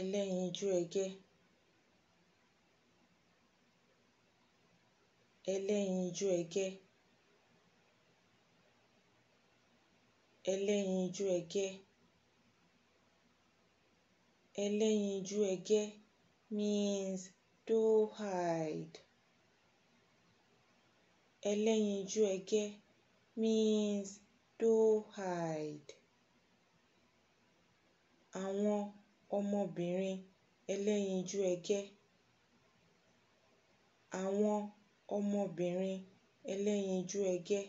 ẹlẹ́yinjú ẹgẹ́ ẹlẹ́yinjú ẹgẹ́ ẹlẹ́yinjú ẹgẹ́ ẹlẹ́yinjú ẹgẹ́ means doe-eyed ẹlẹ́yinjú ẹgẹ́ means doe hide. àwọn ọmọbìnrin ẹlẹ́yinjú ẹgẹ́ àwọn ọmọbìnrin ẹlẹ́yinjú ẹgẹ́